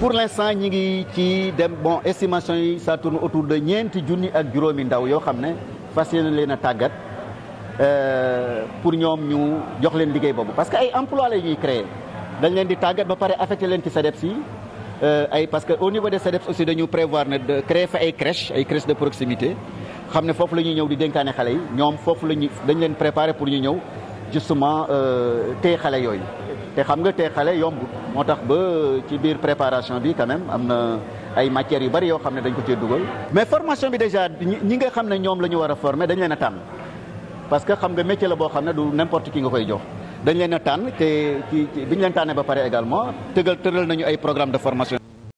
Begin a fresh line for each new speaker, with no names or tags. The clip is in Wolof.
pour l'instant ñi ngi ci dem bon estimation yi ça tourne autour de ñeenti junni ak juróomi ndaw yoo xam ne fas yéene leen a tàggat euh, pour ñoom ñu jox leen liggéey boobu parce que ay emploi la ñuy créer dañ leen di tàggat ba pare affecté leen ci SEDEPS yi euh, ay parce que au niveau des SEDEPS aussi dañu prévoir ne de créer fa ay crèche ay crèche de proximité xam ne foofu la ñuy ñëw di dénkaane xale yi ñoom foofu la ñuy dañ leen préparer pour ñu ñëw justement euh, tee xale yooyu te xam nga tee xale yomb moo tax ba ci biir préparation bi quand même am na ay matières yu bari yoo xam ne dañ ko cee dugal mais formation bi déjà ñi nga xam ne ñoom la ñu war a former dañ leen a tànn parce que xam nga métier la boo xam ne du n'importe qui nga koy jox dañ leen a tànn te ci leen tànnee ba pare également tëgal tëral nañu ay programme
de formation